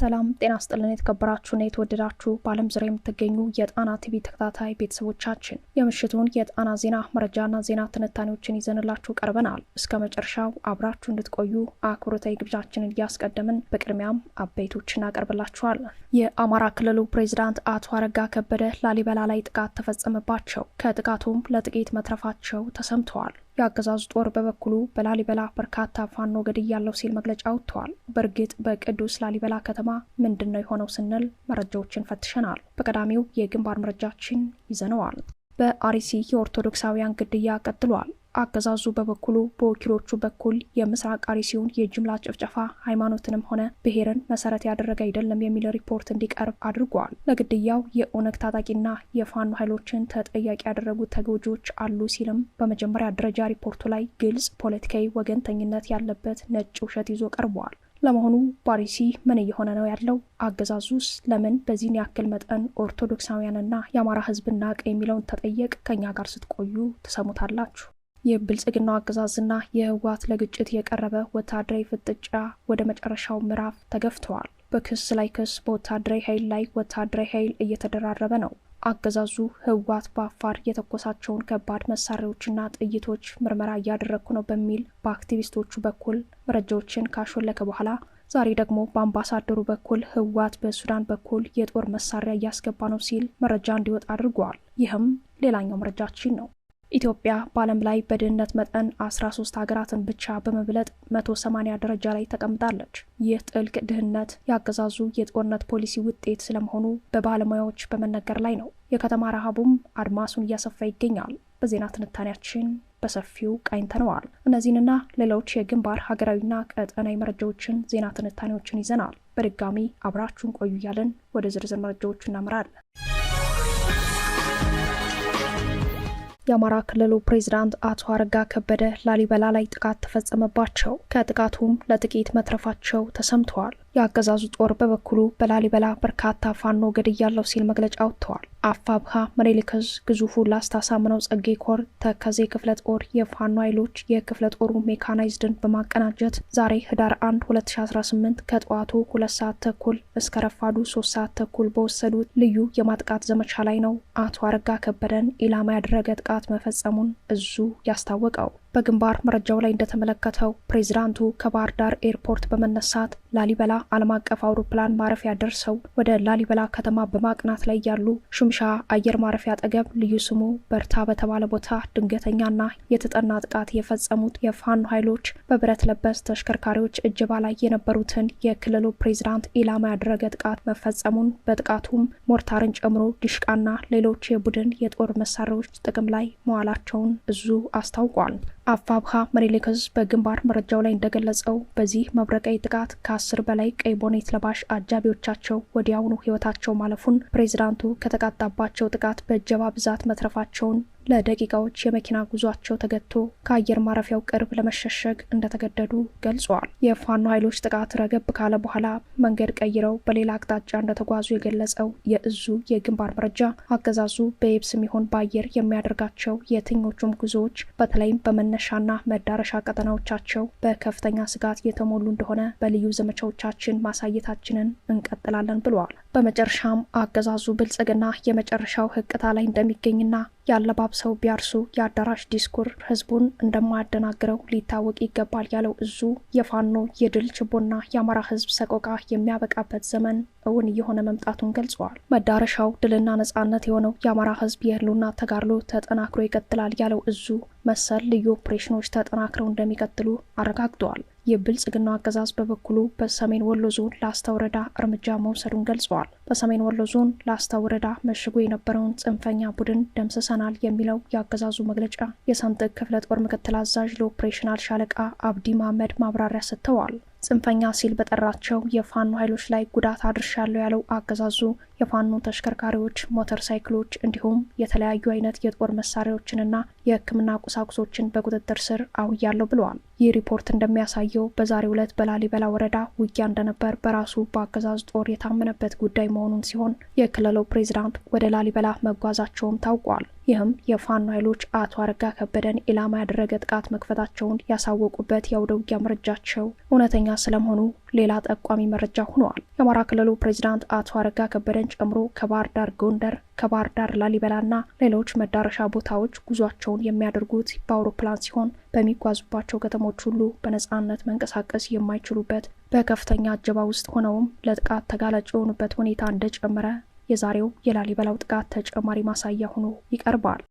ሰላም ጤና ስጥልን። የተከበራችሁና የተወደዳችሁ በዓለም ዙሪያ የምትገኙ የጣና ቲቪ ተከታታይ ቤተሰቦቻችን የምሽቱን የጣና ዜና መረጃና ዜና ትንታኔዎችን ይዘንላችሁ ቀርበናል። እስከ መጨረሻው አብራችሁ እንድትቆዩ አክብሮታዊ ግብዣችንን እያስቀደምን በቅድሚያም አበይቶች እናቀርብላችኋለን። የአማራ ክልሉ ፕሬዚዳንት አቶ አረጋ ከበደ ላሊበላ ላይ ጥቃት ተፈጸመባቸው። ከጥቃቱም ለጥቂት መትረፋቸው ተሰምተዋል። የአገዛዙ ጦር በበኩሉ በላሊበላ በርካታ ፋኖ ገድያለሁ ሲል መግለጫ አውጥተዋል። በእርግጥ በቅዱስ ላሊበላ ከተማ ምንድን ነው የሆነው ስንል መረጃዎችን ፈትሸናል። በቀዳሚው የግንባር መረጃችን ይዘነዋል። በአሪሲ የኦርቶዶክሳውያን ግድያ ቀጥሏል። አገዛዙ በበኩሉ በወኪሎቹ በኩል የምስራቅ አሪ ሲሆን የጅምላ ጭፍጨፋ ሃይማኖትንም ሆነ ብሔርን መሰረት ያደረገ አይደለም የሚል ሪፖርት እንዲቀርብ አድርጓል። ለግድያው የኦነግ ታጣቂና የፋኖ ኃይሎችን ተጠያቂ ያደረጉ ተጎጂዎች አሉ ሲልም በመጀመሪያ ደረጃ ሪፖርቱ ላይ ግልጽ ፖለቲካዊ ወገንተኝነት ያለበት ነጭ ውሸት ይዞ ቀርቧል። ለመሆኑ ባሪሲ ምን እየሆነ ነው ያለው? አገዛዙስ ለምን በዚህን ያክል መጠን ኦርቶዶክሳውያንና የአማራ ሕዝብ ናቀ የሚለውን ተጠየቅ። ከኛ ጋር ስትቆዩ ትሰሙታላችሁ። የብልጽግናው አገዛዝና የህወሓት ለግጭት የቀረበ ወታደራዊ ፍጥጫ ወደ መጨረሻው ምዕራፍ ተገፍተዋል። በክስ ላይ ክስ በወታደራዊ ኃይል ላይ ወታደራዊ ኃይል እየተደራረበ ነው። አገዛዙ ህወሓት በአፋር የተኮሳቸውን ከባድ መሳሪያዎችና ጥይቶች ምርመራ እያደረግኩ ነው በሚል በአክቲቪስቶቹ በኩል መረጃዎችን ካሾለከ በኋላ ዛሬ ደግሞ በአምባሳደሩ በኩል ህወሓት በሱዳን በኩል የጦር መሳሪያ እያስገባ ነው ሲል መረጃ እንዲወጣ አድርጓል። ይህም ሌላኛው መረጃችን ነው። ኢትዮጵያ በዓለም ላይ በድህነት መጠን 13 ሀገራትን ብቻ በመብለጥ 180 ደረጃ ላይ ተቀምጣለች። ይህ ጥልቅ ድህነት ያገዛዙ የጦርነት ፖሊሲ ውጤት ስለመሆኑ በባለሙያዎች በመነገር ላይ ነው። የከተማ ረሃቡም አድማሱን እያሰፋ ይገኛል። በዜና ትንታኔያችን በሰፊው ቃኝተነዋል። እነዚህንና ሌሎች የግንባር ሀገራዊና ቀጠናዊ መረጃዎችን፣ ዜና ትንታኔዎችን ይዘናል። በድጋሚ አብራችሁን ቆዩ እያለን ወደ ዝርዝር መረጃዎቹ እናምራለን። የአማራ ክልሉ ፕሬዚዳንት አቶ አረጋ ከበደ ላሊበላ ላይ ጥቃት ተፈጸመባቸው። ከጥቃቱም ለጥቂት መትረፋቸው ተሰምተዋል። የአገዛዙ ጦር በበኩሉ በላሊበላ በርካታ ፋኖ ገድያለሁ ሲል መግለጫ አውጥተዋል። አፋብሃ መሬሊከዝ ግዙፉ ላስታሳምነው ጸጌ ኮር ተከዜ ክፍለ ጦር የፋኖ ኃይሎች የክፍለ ጦሩ ሜካናይዝድን በማቀናጀት ዛሬ ህዳር 1 2018 ከጠዋቱ ሁለት ሰዓት ተኩል እስከ ረፋዱ ሶስት ሰዓት ተኩል በወሰዱት ልዩ የማጥቃት ዘመቻ ላይ ነው አቶ አረጋ ከበደን ኢላማ ያደረገ ጥቃት መፈጸሙን እዙ ያስታወቀው። በግንባር መረጃው ላይ እንደተመለከተው ፕሬዚዳንቱ ከባህር ዳር ኤርፖርት በመነሳት ላሊበላ ዓለም አቀፍ አውሮፕላን ማረፊያ ደርሰው ወደ ላሊበላ ከተማ በማቅናት ላይ ያሉ ሹምሻ አየር ማረፊያ አጠገብ ልዩ ስሙ በርታ በተባለ ቦታ ድንገተኛና የተጠና ጥቃት የፈጸሙት የፋኖ ኃይሎች በብረት ለበስ ተሽከርካሪዎች እጅባ ላይ የነበሩትን የክልሉ ፕሬዚዳንት ኢላማ ያደረገ ጥቃት መፈጸሙን በጥቃቱም ሞርታርን ጨምሮ ዲሽቃና ሌሎች የቡድን የጦር መሳሪያዎች ጥቅም ላይ መዋላቸውን እዙ አስታውቋል። አፋብሃ መሪሌክስ በግንባር መረጃው ላይ እንደገለጸው በዚህ መብረቃዊ ጥቃት ከአስር በላይ ቀይ ቦኔት ለባሽ አጃቢዎቻቸው ወዲያውኑ ህይወታቸው ማለፉን ፕሬዚዳንቱ ከተቃጣባቸው ጥቃት በእጀባ ብዛት መትረፋቸውን ለደቂቃዎች የመኪና ጉዟቸው ተገጥቶ ከአየር ማረፊያው ቅርብ ለመሸሸግ እንደተገደዱ ገልጸዋል። የፋኖ ኃይሎች ጥቃት ረገብ ካለ በኋላ መንገድ ቀይረው በሌላ አቅጣጫ እንደተጓዙ የገለጸው የእዙ የግንባር መረጃ አገዛዙ በየብስ ሚሆን በአየር የሚያደርጋቸው የትኞቹም ጉዞዎች በተለይም በመነሻና መዳረሻ ቀጠናዎቻቸው በከፍተኛ ስጋት የተሞሉ እንደሆነ በልዩ ዘመቻዎቻችን ማሳየታችንን እንቀጥላለን ብለዋል። በመጨረሻም አገዛዙ ብልጽግና የመጨረሻው ህቅታ ላይ እንደሚገኝና ያለባብሰው ቢያርሱ የአዳራሽ ዲስኩር ህዝቡን እንደማያደናግረው ሊታወቅ ይገባል ያለው እዙ የፋኖ የድል ችቦና የአማራ ህዝብ ሰቆቃ የሚያበቃበት ዘመን እውን እየሆነ መምጣቱን ገልጸዋል። መዳረሻው ድልና ነጻነት የሆነው የአማራ ህዝብ የህልውና ተጋድሎ ተጠናክሮ ይቀጥላል ያለው እዙ መሰል ልዩ ኦፕሬሽኖች ተጠናክረው እንደሚቀጥሉ አረጋግጠዋል። የብልጽግናው አገዛዝ በበኩሉ በሰሜን ወሎ ዞን ላስታ ወረዳ እርምጃ መውሰዱን ገልጸዋል። በሰሜን ወሎ ዞን ላስታ ወረዳ መሽጎ የነበረውን ጽንፈኛ ቡድን ደምስሰናል የሚለው የአገዛዙ መግለጫ የሰንጥቅ ክፍለ ጦር ምክትል አዛዥ ለኦፕሬሽናል ሻለቃ አብዲ መሐመድ ማብራሪያ ሰጥተዋል። ጽንፈኛ ሲል በጠራቸው የፋኖ ኃይሎች ላይ ጉዳት አድርሻለሁ ያለው አገዛዙ የፋኖ ተሽከርካሪዎች፣ ሞተር ሳይክሎች እንዲሁም የተለያዩ አይነት የጦር መሳሪያዎችንና የሕክምና ቁሳቁሶችን በቁጥጥር ስር አውያለሁ ብለዋል። ይህ ሪፖርት እንደሚያሳየው በዛሬው ዕለት በላሊበላ ወረዳ ውጊያ እንደነበር በራሱ በአገዛዝ ጦር የታመነበት ጉዳይ መሆኑን ሲሆን የክልሉ ፕሬዚዳንት ወደ ላሊበላ መጓዛቸውም ታውቋል። ይህም የፋኖ ኃይሎች አቶ አረጋ ከበደን ኢላማ ያደረገ ጥቃት መክፈታቸውን ያሳወቁበት የአውደ ውጊያ መረጃቸው እውነተኛ ስለመሆኑ ሌላ ጠቋሚ መረጃ ሆነዋል። የአማራ ክልሉ ፕሬዚዳንት አቶ አረጋ ከበደን ጨምሮ ከባህር ዳር ጎንደር፣ ከባህር ዳር ላሊበላና ሌሎች መዳረሻ ቦታዎች ጉዟቸውን የሚያደርጉት በአውሮፕላን ሲሆን በሚጓዙባቸው ከተሞች ሁሉ በነጻነት መንቀሳቀስ የማይችሉበት በከፍተኛ እጀባ ውስጥ ሆነውም ለጥቃት ተጋላጭ የሆኑበት ሁኔታ እንደጨመረ የዛሬው የላሊበላው ጥቃት ተጨማሪ ማሳያ ሆኖ ይቀርባል።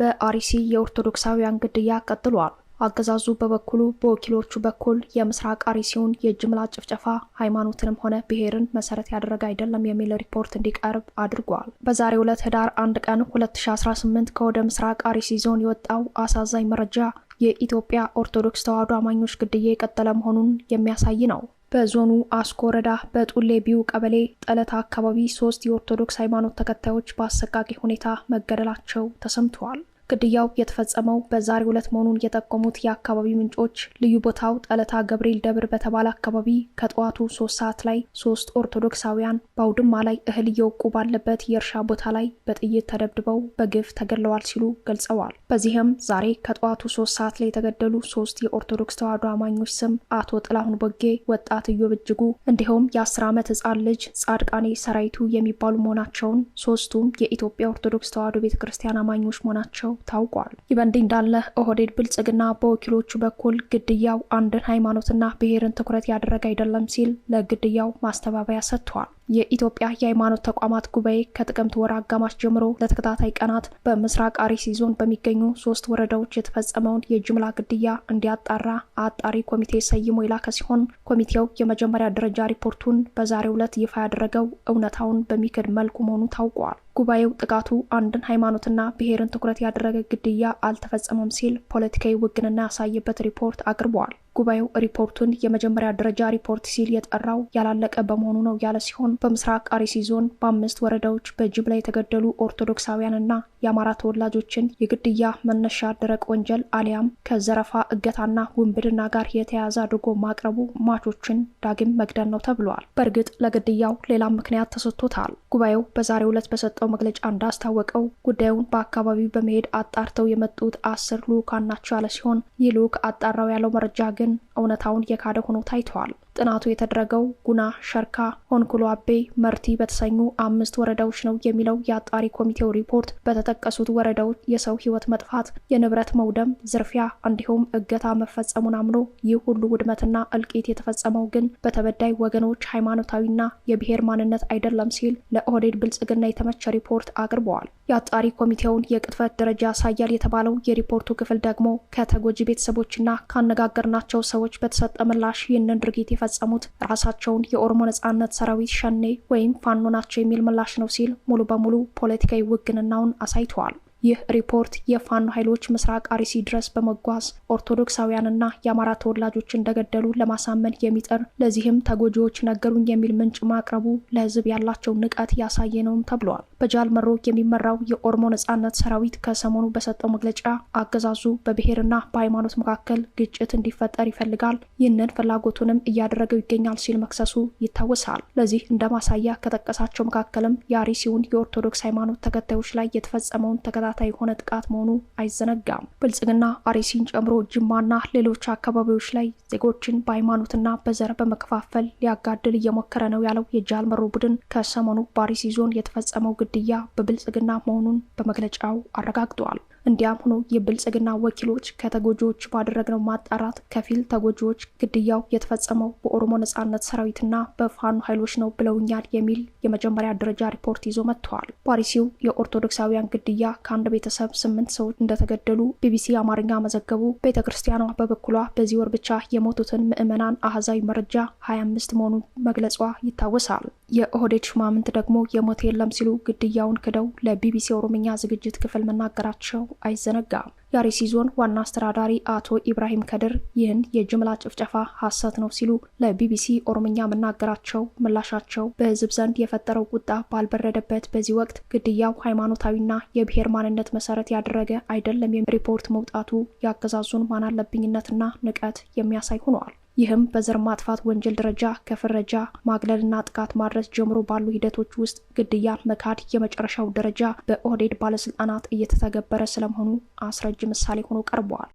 በአርሲ የኦርቶዶክሳውያን ግድያ ቀጥሏል። አገዛዙ በበኩሉ በወኪሎቹ በኩል የምስራቅ አርሲውን የጅምላ ጭፍጨፋ ሃይማኖትንም ሆነ ብሔርን መሰረት ያደረገ አይደለም የሚል ሪፖርት እንዲቀርብ አድርጓል። በዛሬው ዕለት ህዳር አንድ ቀን 2018 ከወደ ምስራቅ አርሲ ዞን የወጣው አሳዛኝ መረጃ የኢትዮጵያ ኦርቶዶክስ ተዋሕዶ አማኞች ግድያ የቀጠለ መሆኑን የሚያሳይ ነው። በዞኑ አስኮ ወረዳ በጡሌ ቢው ቀበሌ ጠለታ አካባቢ ሶስት የኦርቶዶክስ ሃይማኖት ተከታዮች በአሰቃቂ ሁኔታ መገደላቸው ተሰምተዋል። ግድያው የተፈጸመው በዛሬው ዕለት መሆኑን የጠቆሙት የአካባቢ ምንጮች ልዩ ቦታው ጠለታ ገብርኤል ደብር በተባለ አካባቢ ከጠዋቱ ሶስት ሰዓት ላይ ሶስት ኦርቶዶክሳውያን በአውድማ ላይ እህል እየወቁ ባለበት የእርሻ ቦታ ላይ በጥይት ተደብድበው በግፍ ተገድለዋል ሲሉ ገልጸዋል። በዚህም ዛሬ ከጠዋቱ ሶስት ሰዓት ላይ የተገደሉ ሶስት የኦርቶዶክስ ተዋሕዶ አማኞች ስም አቶ ጥላሁን ቦጌ፣ ወጣት እዮብ ብጅጉ እንዲሁም የአስር ዓመት ህጻን ልጅ ጻድቃኔ ሰራይቱ የሚባሉ መሆናቸውን ሶስቱም የኢትዮጵያ ኦርቶዶክስ ተዋሕዶ ቤተ ክርስቲያን አማኞች መሆናቸው ታውቋል። ይህ በእንዲህ እንዳለ ኦህዴድ ብልጽግና በወኪሎቹ በኩል ግድያው አንድን ሃይማኖትና ብሔርን ትኩረት ያደረገ አይደለም ሲል ለግድያው ማስተባበያ ሰጥቷል። የኢትዮጵያ የሃይማኖት ተቋማት ጉባኤ ከጥቅምት ወር አጋማሽ ጀምሮ ለተከታታይ ቀናት በምስራቅ አርሲ ዞን በሚገኙ ሶስት ወረዳዎች የተፈጸመውን የጅምላ ግድያ እንዲያጣራ አጣሪ ኮሚቴ ሰይሞ የላከ ሲሆን ኮሚቴው የመጀመሪያ ደረጃ ሪፖርቱን በዛሬው ዕለት ይፋ ያደረገው እውነታውን በሚክድ መልኩ መሆኑ ታውቋል። ጉባኤው ጥቃቱ አንድን ሃይማኖትና ብሔርን ትኩረት ያደረገ ግድያ አልተፈጸመም ሲል ፖለቲካዊ ውግንና ያሳየበት ሪፖርት አቅርበዋል። ጉባኤው ሪፖርቱን የመጀመሪያ ደረጃ ሪፖርት ሲል የጠራው ያላለቀ በመሆኑ ነው ያለ ሲሆን በምስራቅ አርሲ ዞን በአምስት ወረዳዎች በጅምላ የተገደሉ ኦርቶዶክሳውያንና የአማራ ተወላጆችን የግድያ መነሻ ደረቅ ወንጀል አሊያም ከዘረፋ እገታና ውንብድና ጋር የተያያዘ አድርጎ ማቅረቡ ማቾችን ዳግም መግደል ነው ተብሏል። በእርግጥ ለግድያው ሌላም ምክንያት ተሰጥቶታል። ጉባኤው በዛሬው ዕለት በሰጠው መግለጫ እንዳስታወቀው ጉዳዩን በአካባቢው በመሄድ አጣርተው የመጡት አስር ልዑካን ናቸው ያለ ሲሆን ይህ ልዑክ አጣራው ያለው መረጃ ግን እውነታውን የካደ ሆኖ ታይተዋል። ጥናቱ የተደረገው ጉና፣ ሸርካ፣ ሆንኩሎ አቤ፣ መርቲ በተሰኙ አምስት ወረዳዎች ነው የሚለው የአጣሪ ኮሚቴው ሪፖርት በተጠቀሱት ወረዳዎች የሰው ሕይወት መጥፋት፣ የንብረት መውደም፣ ዝርፊያ እንዲሁም እገታ መፈጸሙን አምኖ ይህ ሁሉ ውድመትና እልቂት የተፈጸመው ግን በተበዳይ ወገኖች ሃይማኖታዊና የብሔር ማንነት አይደለም ሲል ለኦህዴድ ብልጽግና የተመቸ ሪፖርት አቅርበዋል። የአጣሪ ኮሚቴውን የቅጥፈት ደረጃ ያሳያል የተባለው የሪፖርቱ ክፍል ደግሞ ከተጎጂ ቤተሰቦችና ካነጋገርናቸው ሰዎች በተሰጠ ምላሽ ይህንን ድርጊት የፈጸሙት ራሳቸውን የኦሮሞ ነጻነት ሰራዊት ሸኔ ወይም ፋኖ ናቸው የሚል ምላሽ ነው ሲል ሙሉ በሙሉ ፖለቲካዊ ውግንናውን አሳይተዋል። ይህ ሪፖርት የፋኖ ኃይሎች ምስራቅ አርሲ ድረስ በመጓዝ ኦርቶዶክሳውያንና የአማራ ተወላጆች እንደገደሉ ለማሳመን የሚጥር ለዚህም ተጎጂዎች ነገሩን የሚል ምንጭ ማቅረቡ ለሕዝብ ያላቸው ንቀት ያሳየ ነውም ተብሏል። በጃል መሮ የሚመራው የኦሮሞ ነጻነት ሰራዊት ከሰሞኑ በሰጠው መግለጫ አገዛዙ በብሔርና በሃይማኖት መካከል ግጭት እንዲፈጠር ይፈልጋል፣ ይህንን ፍላጎቱንም እያደረገው ይገኛል ሲል መክሰሱ ይታወሳል። ለዚህ እንደ ማሳያ ከጠቀሳቸው መካከልም የአርሲውን የኦርቶዶክስ ሃይማኖት ተከታዮች ላይ የተፈጸመውን ተከታታይ የሆነ ጥቃት መሆኑ አይዘነጋም። ብልጽግና አርሲን ጨምሮ ጅማና ሌሎች አካባቢዎች ላይ ዜጎችን በሃይማኖትና በዘር በመከፋፈል ሊያጋድል እየሞከረ ነው ያለው የጃል መሮ ቡድን ከሰሞኑ በአርሲ ዞን የተፈጸመው ግድያ በብልጽግና መሆኑን በመግለጫው አረጋግጠዋል። እንዲያም ሆኖ የብልጽግና ወኪሎች ከተጎጂዎች ባደረግነው ማጣራት ከፊል ተጎጂዎች ግድያው የተፈጸመው በኦሮሞ ነጻነት ሰራዊትና በፋኖ ኃይሎች ነው ብለውኛል የሚል የመጀመሪያ ደረጃ ሪፖርት ይዞ መጥተዋል። ፓሪሲው የኦርቶዶክሳውያን ግድያ ከአንድ ቤተሰብ ስምንት ሰዎች እንደተገደሉ ቢቢሲ አማርኛ መዘገቡ። ቤተ ክርስቲያኗ በበኩሏ በዚህ ወር ብቻ የሞቱትን ምዕመናን አህዛዊ መረጃ 25 መሆኑን መግለጿ ይታወሳል። የኦህዴድ ሹማምንት ደግሞ የሞት የለም ሲሉ ግድያውን ክደው ለቢቢሲ ኦሮምኛ ዝግጅት ክፍል መናገራቸው አይዘነጋም። የአርሲ ዞን ዋና አስተዳዳሪ አቶ ኢብራሂም ከድር ይህን የጅምላ ጭፍጨፋ ሐሰት ነው ሲሉ ለቢቢሲ ኦሮምኛ መናገራቸው ምላሻቸው በሕዝብ ዘንድ የፈጠረው ቁጣ ባልበረደበት በዚህ ወቅት ግድያው ሃይማኖታዊና የብሔር ማንነት መሰረት ያደረገ አይደለም ሪፖርት መውጣቱ የአገዛዙን ማናለብኝነትና ንቀት የሚያሳይ ሆኗል። ይህም በዘር ማጥፋት ወንጀል ደረጃ ከፍረጃ ማግለልና ጥቃት ማድረስ ጀምሮ ባሉ ሂደቶች ውስጥ ግድያን መካድ የመጨረሻው ደረጃ በኦህዴድ ባለስልጣናት እየተተገበረ ስለመሆኑ አስረጅ ምሳሌ ሆኖ ቀርበዋል።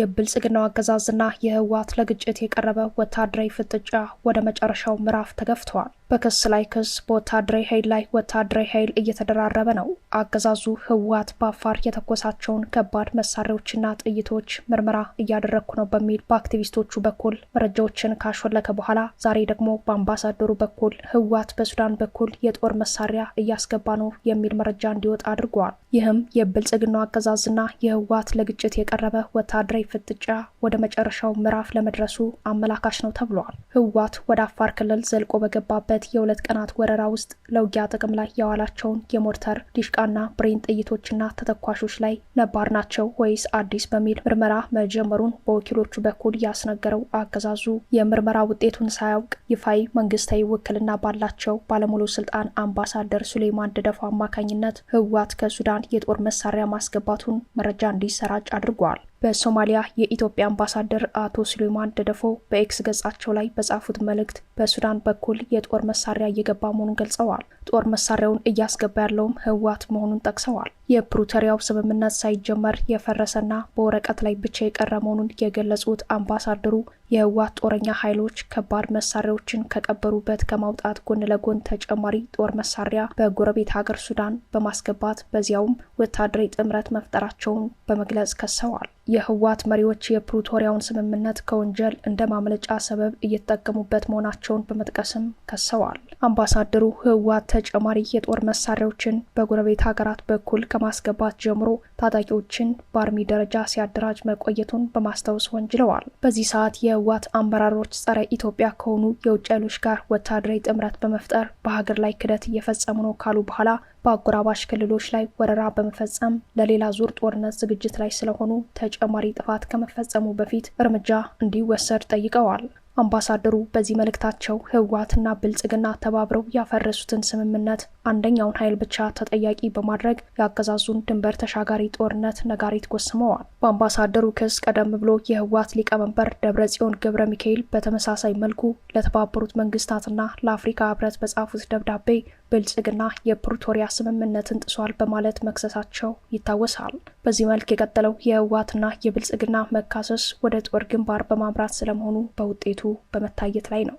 የብልጽግናው አገዛዝና የህወሓት ለግጭት የቀረበ ወታደራዊ ፍጥጫ ወደ መጨረሻው ምዕራፍ ተገፍተዋል። በክስ ላይ ክስ በወታደራዊ ኃይል ላይ ወታደራዊ ኃይል እየተደራረበ ነው። አገዛዙ ህወሓት በአፋር የተኮሳቸውን ከባድ መሳሪያዎችና ጥይቶች ምርመራ እያደረግኩ ነው በሚል በአክቲቪስቶቹ በኩል መረጃዎችን ካሾለከ በኋላ ዛሬ ደግሞ በአምባሳደሩ በኩል ህወሓት በሱዳን በኩል የጦር መሳሪያ እያስገባ ነው የሚል መረጃ እንዲወጣ አድርገዋል። ይህም የብልጽግናው አገዛዝና የህወሓት ለግጭት የቀረበ ወታደራዊ ፍጥጫ ወደ መጨረሻው ምዕራፍ ለመድረሱ አመላካች ነው ተብሏል። ህወሓት ወደ አፋር ክልል ዘልቆ በገባበት በሁለት የሁለት ቀናት ወረራ ውስጥ ለውጊያ ጥቅም ላይ የዋላቸውን የሞርተር ዲሽቃና ብሬን ጥይቶችና ተተኳሾች ላይ ነባር ናቸው ወይስ አዲስ በሚል ምርመራ መጀመሩን በወኪሎቹ በኩል ያስነገረው አገዛዙ የምርመራ ውጤቱን ሳያውቅ ይፋይ መንግስታዊ ውክልና ባላቸው ባለሙሉ ስልጣን አምባሳደር ሱሌይማን ደደፎ አማካኝነት ህወሓት ከሱዳን የጦር መሳሪያ ማስገባቱን መረጃ እንዲሰራጭ አድርጓል። በሶማሊያ የኢትዮጵያ አምባሳደር አቶ ሱሌማን ደደፎ በኤክስ ገጻቸው ላይ በጻፉት መልእክት በሱዳን በኩል የጦር መሳሪያ እየገባ መሆኑን ገልጸዋል። ጦር መሳሪያውን እያስገባ ያለውም ህወሓት መሆኑን ጠቅሰዋል። የፕሪቶሪያው ስምምነት ሳይጀመር የፈረሰና በወረቀት ላይ ብቻ የቀረ መሆኑን የገለጹት አምባሳደሩ የህወሓት ጦረኛ ኃይሎች ከባድ መሳሪያዎችን ከቀበሩበት ከማውጣት ጎን ለጎን ተጨማሪ ጦር መሳሪያ በጎረቤት ሀገር ሱዳን በማስገባት በዚያውም ወታደራዊ ጥምረት መፍጠራቸውን በመግለጽ ከሰዋል። የህወሓት መሪዎች የፕሪቶሪያውን ስምምነት ከወንጀል እንደ ማምለጫ ሰበብ እየተጠቀሙበት መሆናቸውን በመጥቀስም ከሰዋል። አምባሳደሩ ህወሓት ተጨማሪ የጦር መሳሪያዎችን በጎረቤት ሀገራት በኩል ከማስገባት ጀምሮ ታጣቂዎችን በአርሚ ደረጃ ሲያደራጅ መቆየቱን በማስታወስ ወንጅለዋል። በዚህ ሰዓት የህወሓት አመራሮች ጸረ ኢትዮጵያ ከሆኑ የውጭ ኃይሎች ጋር ወታደራዊ ጥምረት በመፍጠር በሀገር ላይ ክደት እየፈጸሙ ነው ካሉ በኋላ በአጎራባሽ ክልሎች ላይ ወረራ በመፈጸም ለሌላ ዙር ጦርነት ዝግጅት ላይ ስለሆኑ ተጨማሪ ጥፋት ከመፈጸሙ በፊት እርምጃ እንዲወሰድ ጠይቀዋል። አምባሳደሩ በዚህ መልእክታቸው ህወሓትና ብልጽግና ተባብረው ያፈረሱትን ስምምነት አንደኛውን ኃይል ብቻ ተጠያቂ በማድረግ የአገዛዙን ድንበር ተሻጋሪ ጦርነት ነጋሪት ጎስመዋል። በአምባሳደሩ ክስ ቀደም ብሎ የህወሓት ሊቀመንበር ደብረጽዮን ገብረ ሚካኤል በተመሳሳይ መልኩ ለተባበሩት መንግስታትና ለአፍሪካ ህብረት በጻፉት ደብዳቤ ብልጽግና የፕሪቶሪያ ስምምነትን ጥሷል በማለት መክሰሳቸው ይታወሳል። በዚህ መልክ የቀጠለው የህወሓትና የብልጽግና መካሰስ ወደ ጦር ግንባር በማምራት ስለመሆኑ በውጤቱ በመታየት ላይ ነው።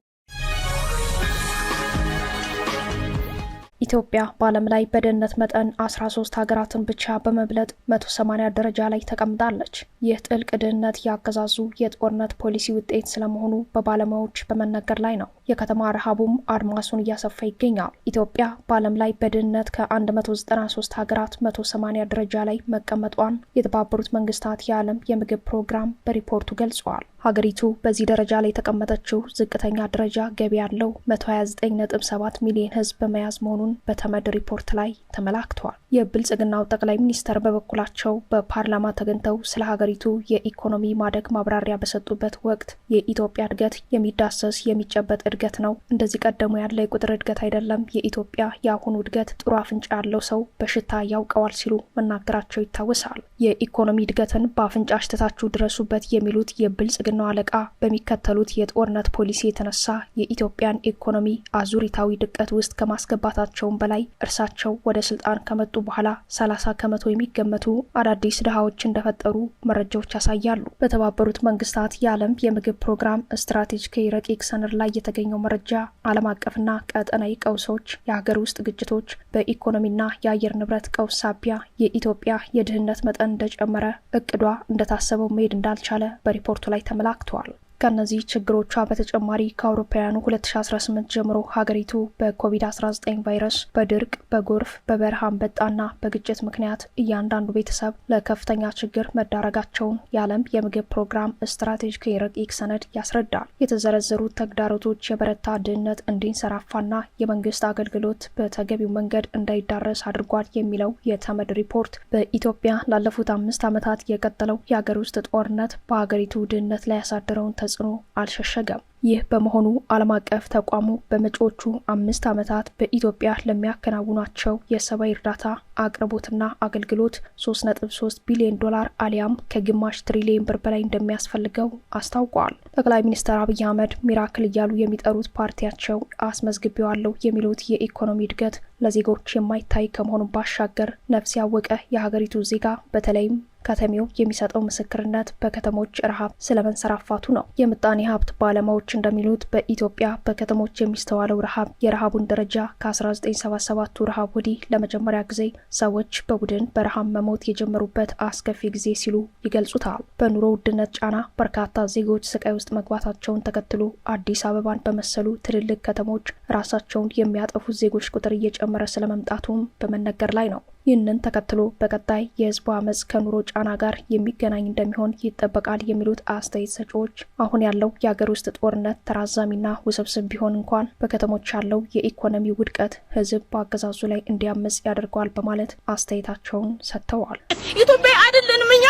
ኢትዮጵያ በዓለም ላይ በድህነት መጠን 13 ሀገራትን ብቻ በመብለጥ 180 ደረጃ ላይ ተቀምጣለች። ይህ ጥልቅ ድህነት ያገዛዙ የጦርነት ፖሊሲ ውጤት ስለመሆኑ በባለሙያዎች በመነገር ላይ ነው። የከተማ ረሃቡም አድማሱን እያሰፋ ይገኛል። ኢትዮጵያ በዓለም ላይ በድህነት ከ193 ሀገራት 180 ደረጃ ላይ መቀመጧን የተባበሩት መንግስታት የዓለም የምግብ ፕሮግራም በሪፖርቱ ገልጿል። ሀገሪቱ በዚህ ደረጃ ላይ የተቀመጠችው ዝቅተኛ ደረጃ ገቢ ያለው 129.7 ሚሊዮን ህዝብ በመያዝ መሆኑን በተመድ ሪፖርት ላይ ተመላክቷል። የብልጽግናው ጠቅላይ ሚኒስተር በበኩላቸው በፓርላማ ተገኝተው ስለ ሀገሪቱ የኢኮኖሚ ማደግ ማብራሪያ በሰጡበት ወቅት የኢትዮጵያ እድገት የሚዳሰስ የሚጨበጥ እድገት ነው፣ እንደዚህ ቀደሙ ያለ የቁጥር እድገት አይደለም። የኢትዮጵያ የአሁኑ እድገት ጥሩ አፍንጫ ያለው ሰው በሽታ ያውቀዋል ሲሉ መናገራቸው ይታወሳል። የኢኮኖሚ እድገትን በአፍንጫ ሽተታችሁ ድረሱበት የሚሉት የብልጽግናው አለቃ በሚከተሉት የጦርነት ፖሊሲ የተነሳ የኢትዮጵያን ኢኮኖሚ አዙሪታዊ ድቀት ውስጥ ከማስገባታቸው ከመሆናቸውም በላይ እርሳቸው ወደ ስልጣን ከመጡ በኋላ ሰላሳ ከመቶ የሚገመቱ አዳዲስ ድሃዎች እንደፈጠሩ መረጃዎች ያሳያሉ። በተባበሩት መንግስታት የዓለም የምግብ ፕሮግራም ስትራቴጂ ረቂቅ ሰነድ ላይ የተገኘው መረጃ ዓለም አቀፍና ቀጠናዊ ቀውሶች፣ የሀገር ውስጥ ግጭቶች፣ በኢኮኖሚና የአየር ንብረት ቀውስ ሳቢያ የኢትዮጵያ የድህነት መጠን እንደጨመረ፣ እቅዷ እንደታሰበው መሄድ እንዳልቻለ በሪፖርቱ ላይ ተመላክተዋል። ከእነዚህ ችግሮቿ በተጨማሪ ከአውሮፓውያኑ 2018 ጀምሮ ሀገሪቱ በኮቪድ-19 ቫይረስ፣ በድርቅ፣ በጎርፍ፣ በበረሃ አንበጣና በግጭት ምክንያት እያንዳንዱ ቤተሰብ ለከፍተኛ ችግር መዳረጋቸውን የዓለም የምግብ ፕሮግራም ስትራቴጂክ ረቂቅ ሰነድ ያስረዳል። የተዘረዘሩት ተግዳሮቶች የበረታ ድህነት እንዲንሰራፋና የመንግስት አገልግሎት በተገቢው መንገድ እንዳይዳረስ አድርጓል የሚለው የተመድ ሪፖርት በኢትዮጵያ ላለፉት አምስት ዓመታት የቀጠለው የሀገር ውስጥ ጦርነት በሀገሪቱ ድህነት ላይ ያሳደረውን ተጽዕኖ አልሸሸገም። ይህ በመሆኑ ዓለም አቀፍ ተቋሙ በመጪዎቹ አምስት ዓመታት በኢትዮጵያ ለሚያከናውናቸው የሰብአዊ እርዳታ አቅርቦትና አገልግሎት 3.3 ቢሊዮን ዶላር አሊያም ከግማሽ ትሪሊዮን ብር በላይ እንደሚያስፈልገው አስታውቋል። ጠቅላይ ሚኒስትር አብይ አህመድ ሚራክል እያሉ የሚጠሩት ፓርቲያቸው አስመዝግቤዋለሁ የሚሉት የኢኮኖሚ እድገት ለዜጎች የማይታይ ከመሆኑ ባሻገር ነፍስ ያወቀ የሀገሪቱ ዜጋ በተለይም ከተሜው የሚሰጠው ምስክርነት በከተሞች ረሃብ ስለመንሰራፋቱ ነው። የምጣኔ ሀብት ባለሙያዎች እንደሚሉት በኢትዮጵያ በከተሞች የሚስተዋለው ረሃብ የረሃቡን ደረጃ ከ1977ቱ ረሃብ ወዲህ ለመጀመሪያ ጊዜ ሰዎች በቡድን በረሃብ መሞት የጀመሩበት አስከፊ ጊዜ ሲሉ ይገልጹታል። በኑሮ ውድነት ጫና በርካታ ዜጎች ስቃይ ውስጥ መግባታቸውን ተከትሎ አዲስ አበባን በመሰሉ ትልልቅ ከተሞች ራሳቸውን የሚያጠፉ ዜጎች ቁጥር እየጨመረ ስለመምጣቱም በመነገር ላይ ነው። ይህንን ተከትሎ በቀጣይ የህዝቡ አመፅ ከኑሮ ጫና ጋር የሚገናኝ እንደሚሆን ይጠበቃል የሚሉት አስተያየት ሰጪዎች አሁን ያለው የአገር ውስጥ ጦርነት ተራዛሚና ውስብስብ ቢሆን እንኳን በከተሞች ያለው የኢኮኖሚ ውድቀት ህዝብ በአገዛዙ ላይ እንዲያመፅ ያደርገዋል በማለት አስተያየታቸውን ሰጥተዋል። ኢትዮጵያ አይደለንም እኛ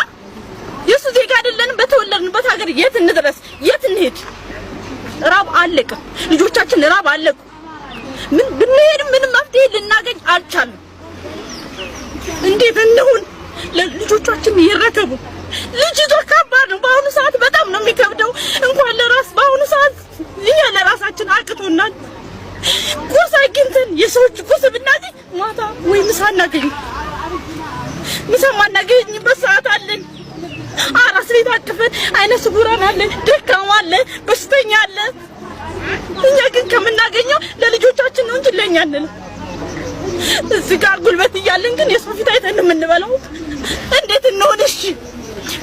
የእሱ ዜጋ አይደለንም። በተወለድንበት ሀገር የት እንድረስ? የት እንሄድ? ራብ አለቅም። ልጆቻችን ራብ አለቁ። ምን ብንሄድም ምንም መፍትሄ ልናገኝ አልቻለም። እንዴት እንሁን? ለልጆቻችን ይረከቡ። ልጅቷ ከባድ ነው። በአሁኑ ሰዓት በጣም ነው የሚከብደው። እንኳን ለራስ በአሁኑ ሰዓት እኛ ለራሳችን አቅቶናል። ጉርስ አግኝተን የሰዎች ጉርስ ብናገኝ ማታ ወይ ምሳ እናገኝ ምሳ ማናገኝበት ሰዓት አለን። አራስ ቤት አቅፈን አይነ ስጉራን አለን፣ ደካማ አለ፣ በሽተኛ አለ። እኛ ግን ከምናገኘው ለልጆቻችን ነው እንጂ ለኛ አንልም። እዚህ ጋር ጉልበት እያለን ግን የሱ ፊት አይተን የምንበላው እንዴት እንሆን? እሺ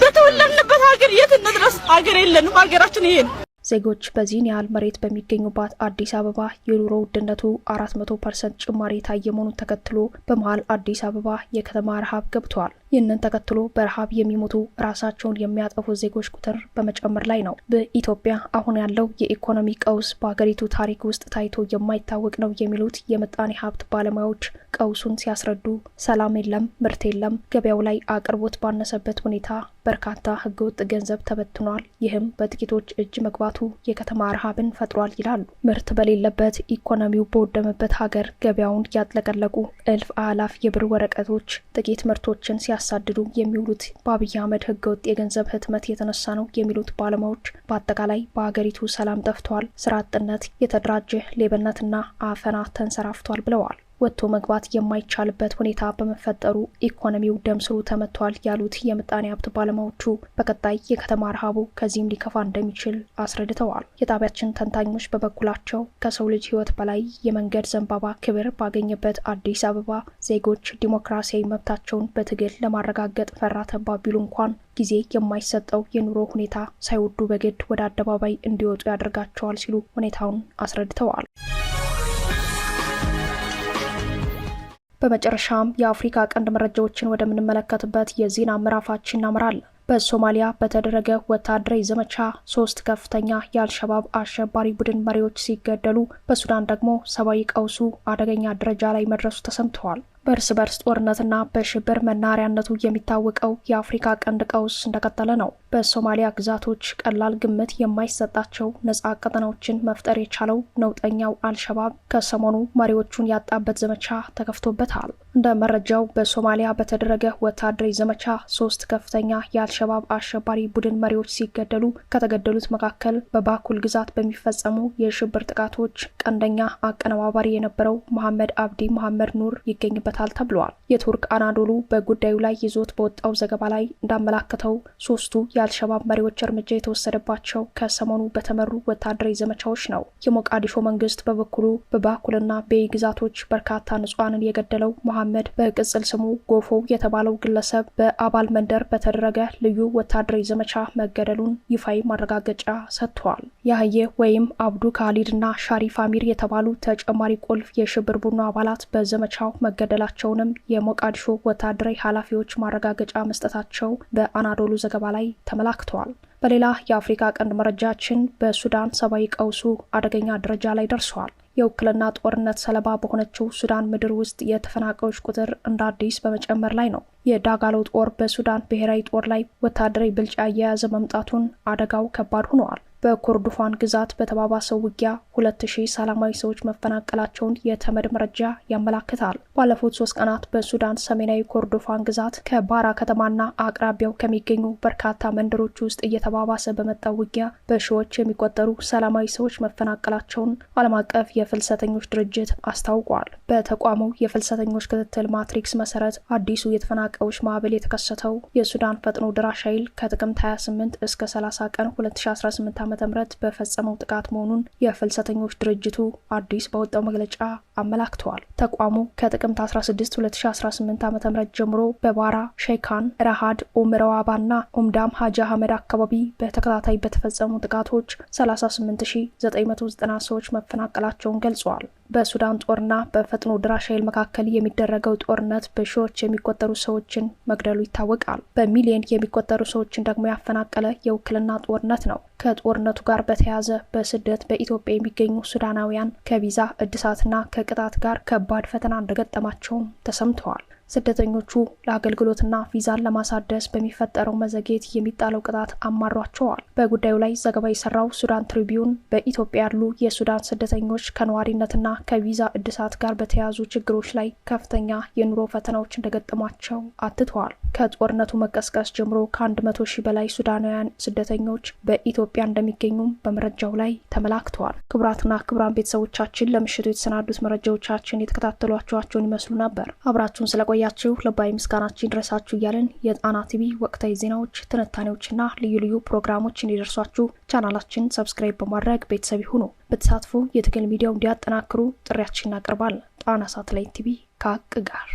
በተወለድንበት ሀገር የት እንድረስ? ሀገር የለንም። ሀገራችን ይሄን ዜጎች በዚህን ያህል መሬት በሚገኙባት አዲስ አበባ የኑሮ ውድነቱ አራት መቶ ፐርሰንት ጭማሪ የታየ መሆኑን ተከትሎ በመሀል አዲስ አበባ የከተማ ረሃብ ገብቷል። ይህንን ተከትሎ በረሃብ የሚሞቱ ራሳቸውን የሚያጠፉ ዜጎች ቁጥር በመጨመር ላይ ነው። በኢትዮጵያ አሁን ያለው የኢኮኖሚ ቀውስ በሀገሪቱ ታሪክ ውስጥ ታይቶ የማይታወቅ ነው የሚሉት የምጣኔ ሀብት ባለሙያዎች ቀውሱን ሲያስረዱ ሰላም የለም፣ ምርት የለም፣ ገበያው ላይ አቅርቦት ባነሰበት ሁኔታ በርካታ ህገወጥ ገንዘብ ተበትኗል። ይህም በጥቂቶች እጅ መግባቱ የከተማ ረሃብን ፈጥሯል ይላሉ። ምርት በሌለበት ኢኮኖሚው በወደመበት ሀገር ገበያውን ያጥለቀለቁ እልፍ አላፍ የብር ወረቀቶች ጥቂት ምርቶችን ሲያ ሲያሳድዱ የሚውሉት በአብይ አህመድ ህገወጥ የገንዘብ ህትመት የተነሳ ነው የሚሉት ባለሙያዎች በአጠቃላይ በአገሪቱ ሰላም ጠፍቷል፣ ስራ አጥነት፣ የተደራጀ ሌብነትና አፈና ተንሰራፍቷል ብለዋል። ወጥቶ መግባት የማይቻልበት ሁኔታ በመፈጠሩ ኢኮኖሚው ደም ስሩ ተመቷል ያሉት የምጣኔ ሀብት ባለሙያዎቹ በቀጣይ የከተማ ረሃቡ ከዚህም ሊከፋ እንደሚችል አስረድተዋል። የጣቢያችን ተንታኞች በበኩላቸው ከሰው ልጅ ህይወት በላይ የመንገድ ዘንባባ ክብር ባገኘበት አዲስ አበባ ዜጎች ዲሞክራሲያዊ መብታቸውን በትግል ለማረጋገጥ ፈራ ተባ ቢሉ እንኳን ጊዜ የማይሰጠው የኑሮ ሁኔታ ሳይወዱ በግድ ወደ አደባባይ እንዲወጡ ያደርጋቸዋል ሲሉ ሁኔታውን አስረድተዋል። በመጨረሻም የአፍሪካ ቀንድ መረጃዎችን ወደምንመለከትበት የዜና ምዕራፋችን እናምራለን። በሶማሊያ በተደረገ ወታደራዊ ዘመቻ ሶስት ከፍተኛ የአልሸባብ አሸባሪ ቡድን መሪዎች ሲገደሉ፣ በሱዳን ደግሞ ሰብአዊ ቀውሱ አደገኛ ደረጃ ላይ መድረሱ ተሰምተዋል። በእርስ በርስ ጦርነትና በሽብር መናሪያነቱ የሚታወቀው የአፍሪካ ቀንድ ቀውስ እንደቀጠለ ነው። በሶማሊያ ግዛቶች ቀላል ግምት የማይሰጣቸው ነፃ ቀጠናዎችን መፍጠር የቻለው ነውጠኛው አልሸባብ ከሰሞኑ መሪዎቹን ያጣበት ዘመቻ ተከፍቶበታል። እንደ መረጃው በሶማሊያ በተደረገ ወታደራዊ ዘመቻ ሶስት ከፍተኛ የአልሸባብ አሸባሪ ቡድን መሪዎች ሲገደሉ ከተገደሉት መካከል በባኩል ግዛት በሚፈጸሙ የሽብር ጥቃቶች ቀንደኛ አቀነባባሪ የነበረው መሐመድ አብዲ መሐመድ ኑር ይገኝበታል። ይገኙበታል ተብለዋል። የቱርክ አናዶሉ በጉዳዩ ላይ ይዞት በወጣው ዘገባ ላይ እንዳመላከተው ሶስቱ የአልሸባብ መሪዎች እርምጃ የተወሰደባቸው ከሰሞኑ በተመሩ ወታደራዊ ዘመቻዎች ነው። የሞቃዲሾ መንግስት በበኩሉ በባኩልና ቤይ ግዛቶች በርካታ ንጹሐንን የገደለው መሐመድ በቅጽል ስሙ ጎፎ የተባለው ግለሰብ በአባል መንደር በተደረገ ልዩ ወታደራዊ ዘመቻ መገደሉን ይፋዊ ማረጋገጫ ሰጥቷል። ያህየ ወይም አብዱ ካሊድ ሻሪፍ አሚር የተባሉ ተጨማሪ ቁልፍ የሽብር ቡድኑ አባላት በዘመቻው መገደል መቀበላቸውንም የሞቃዲሾ ወታደራዊ ኃላፊዎች ማረጋገጫ መስጠታቸው በአናዶሉ ዘገባ ላይ ተመላክተዋል። በሌላ የአፍሪካ ቀንድ መረጃችን በሱዳን ሰብአዊ ቀውሱ አደገኛ ደረጃ ላይ ደርሰዋል። የውክልና ጦርነት ሰለባ በሆነችው ሱዳን ምድር ውስጥ የተፈናቃዮች ቁጥር እንደ አዲስ በመጨመር ላይ ነው። የዳጋሎ ጦር በሱዳን ብሔራዊ ጦር ላይ ወታደራዊ ብልጫ እየያዘ መምጣቱን አደጋው ከባድ ሆነዋል። በኮርዶፋን ግዛት በተባባሰው ውጊያ ሁለት ሺህ ሰላማዊ ሰዎች መፈናቀላቸውን የተመድ መረጃ ያመላክታል። ባለፉት ሶስት ቀናት በሱዳን ሰሜናዊ ኮርዶፋን ግዛት ከባራ ከተማና አቅራቢያው ከሚገኙ በርካታ መንደሮች ውስጥ እየተባባሰ በመጣው ውጊያ በሺዎች የሚቆጠሩ ሰላማዊ ሰዎች መፈናቀላቸውን ዓለም አቀፍ የፍልሰተኞች ድርጅት አስታውቋል። በተቋሙ የፍልሰተኞች ክትትል ማትሪክስ መሰረት አዲሱ የተፈናቃዮች ማዕበል የተከሰተው የሱዳን ፈጥኖ ድራሽ ኃይል ከጥቅምት 28 እስከ 30 ቀን 2018 ም በፈጸመው ጥቃት መሆኑን የፍልሰተኞች ድርጅቱ አዲስ በወጣው መግለጫ አመላክተዋል። ተቋሙ ከጥቅምት 16 2018 ዓ ም ጀምሮ በባራ ሼካን፣ ረሃድ፣ ኦምረዋባና ኦምዳም ሀጂ አህመድ አካባቢ በተከታታይ በተፈጸሙ ጥቃቶች 38990 ሰዎች መፈናቀላቸውን ገልጸዋል። በሱዳን ጦርና በፈጥኖ ድራሽ ኃይል መካከል የሚደረገው ጦርነት በሺዎች የሚቆጠሩ ሰዎችን መግደሉ ይታወቃል። በሚሊዮን የሚቆጠሩ ሰዎችን ደግሞ ያፈናቀለ የውክልና ጦርነት ነው። ከጦርነቱ ጋር በተያያዘ በስደት በኢትዮጵያ የሚገኙ ሱዳናውያን ከቪዛ እድሳትና ከቅጣት ጋር ከባድ ፈተና እንደገጠማቸውም ተሰምተዋል። ስደተኞቹ ለአገልግሎትና ቪዛን ለማሳደስ በሚፈጠረው መዘግየት የሚጣለው ቅጣት አማሯቸዋል። በጉዳዩ ላይ ዘገባ የሰራው ሱዳን ትሪቢዩን በኢትዮጵያ ያሉ የሱዳን ስደተኞች ከነዋሪነትና ከቪዛ እድሳት ጋር በተያያዙ ችግሮች ላይ ከፍተኛ የኑሮ ፈተናዎች እንደገጠሟቸው አትተዋል። ከጦርነቱ መቀስቀስ ጀምሮ ከአንድ መቶ ሺህ በላይ ሱዳናውያን ስደተኞች በኢትዮጵያ እንደሚገኙም በመረጃው ላይ ተመላክተዋል። ክቡራትና ክቡራን ቤተሰቦቻችን ለምሽቱ የተሰናዱት መረጃዎቻችን የተከታተሏቸኋቸውን ይመስሉ ነበር። አብራችሁን ስለቆየ እንዳያችሁ ልባዊ ምስጋናችን ይድረሳችሁ እያለን የጣና ቲቪ ወቅታዊ ዜናዎች፣ ትንታኔዎችና ልዩ ልዩ ፕሮግራሞች እንዲደርሷችሁ ቻናላችን ሰብስክራይብ በማድረግ ቤተሰብ ይሁኑ። በተሳትፎ የትግል ሚዲያው እንዲያጠናክሩ ጥሪያችን እናቀርባለን። ጣና ሳተላይት ቲቪ ከሀቅ ጋር